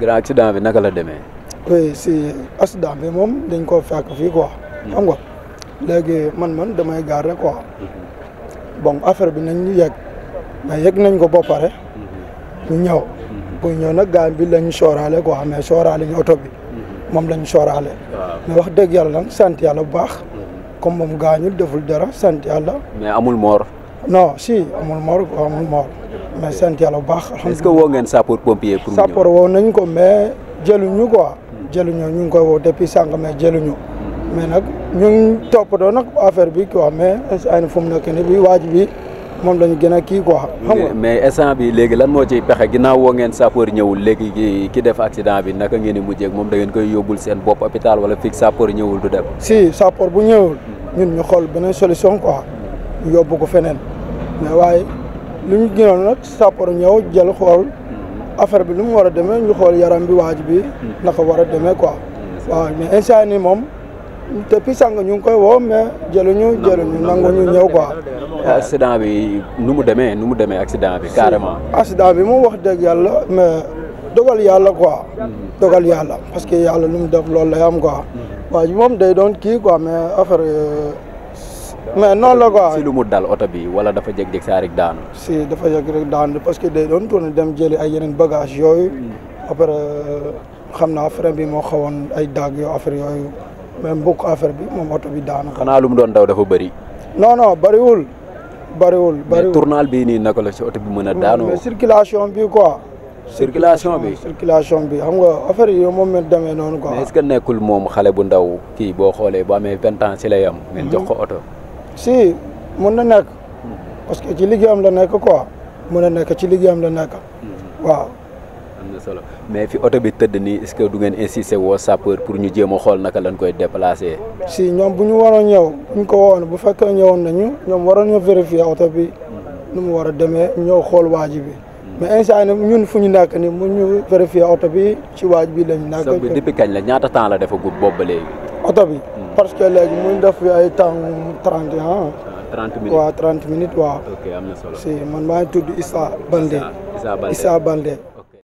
grand accident bi naka la demee. oui si accident bi moom dañ koo fekk fii quoi. Hmm. léegi man man damay gaare quoi. Hmm. bon affaire bi nañ ñu yegg mais yegg nañ ko ba pare. Hmm. ñu ñëw. bu ñëw nag gaañ bi lañ sóoraale quoi mais sóoraale ñu oto bi. moom lañ sóoraale. mais wax dëgg yàlla nag sant yàlla bu baax. comme moom gaañul deful dara sant yàlla. mais amul moor. non si amul moor amul moor. mais sant yàlla bu baax. est-ce que woo ngeen sapeur pompier pour. sapeur woo nañ ko mais jëluñu quoi. Hmm. jëluñu ñu ngi koy woo depuis sànq mais ñu hmm. mais nag ñu ngi toppatoo nag affaire bi quoi mais ay na fu mu nekk nii bi waaj bi moom lañu gën a kii quoi. xam mais instant bi léegi lan moo ciy pexe ginnaaw woo ngeen sapeur ñëwul léegi ki def accident bi nak a ngeen mu mujjee moom da ngeen koy yóbbul seen bopp hôpital wala fii sapeur ñëwul du dem. si sapeur bu ñëwul. Hmm. ñun ñu xool beneen solution quoi. yóbbu ko feneen lu ñu gënoon nag sapor ñëw jël xool affaire bi lu mu war a demee ñu xool yaram bi waaj bi naka war a demee quoi waaw mais instant nii moom depuis sànq ñu ngi koy woo mais jëluñu jëluñu nanguñu ñëw quoi. Ah, accident bi nu mu demee nu mu demee accident bi carrément. accident bi moom wax dëgg yàlla mais dogal yàlla quoi. Mm-hmm. dogal yàlla parce que yàlla lu mu def loolu lay am quoi. Mm-hmm. waa moom day doon kii quoi mais affaire. Euh, mais noonu la quoi si lu mu dal oto bi wala dafa jeg-jeg saa rek daanu. si dafa jeg rek daanu parce que day doon tourné dem jëli ay yeneen bagage yooyu. Hmm. après euh, xam naa frein bi moo xawoon ay daag yoo affaire yooyu affaire bi moom oto bi daanu. xanaa lu mu doon daw dafa bëri. non bariwul bëriwul. bëriwul bëriwul mais tournal bii nii naka la si oto bi mën a daanu. mais circulation bi quoi. circulation bi circulation bi xam nga affaire yi moom la demee noonu quoi. mais est nekkul moom xale bu ndaw kii boo xoolee bu amee vingt ans si la yam ngeen hmm. jox ko oto. si mun na nekk parce que ci liggéeyam la nekk quoi mun na nekk ci liggéeyam la nekk mhm. waaw. solo mais fi oto bi tëdd ni est-ce que du ngeen insisté woo sapeur pour ñu jéem a xool naka lañ koy déplacé. si ñoom bu ñu waroon ñëw bu ñu ko woon bu fekkee ñëwoon nañu ñoom waroon ñu vérifier oto bi mhm. nu mu war a demee ñëw xool waaji bi mhm. mais instant yii ñun fu ñu nekk ni mu ñu verifier auto bi ci waaj bi lañ. nekk depuis kañ la ñaata temps la dafa gudd boobu ba léegi. oto bi. Hmm. parce que léegi mu def ay temps trente ans. Ah, trente minutes waaw trente minutes waaw. ok am na solo man maa ngi tudd Issa Balde. Issa Balde.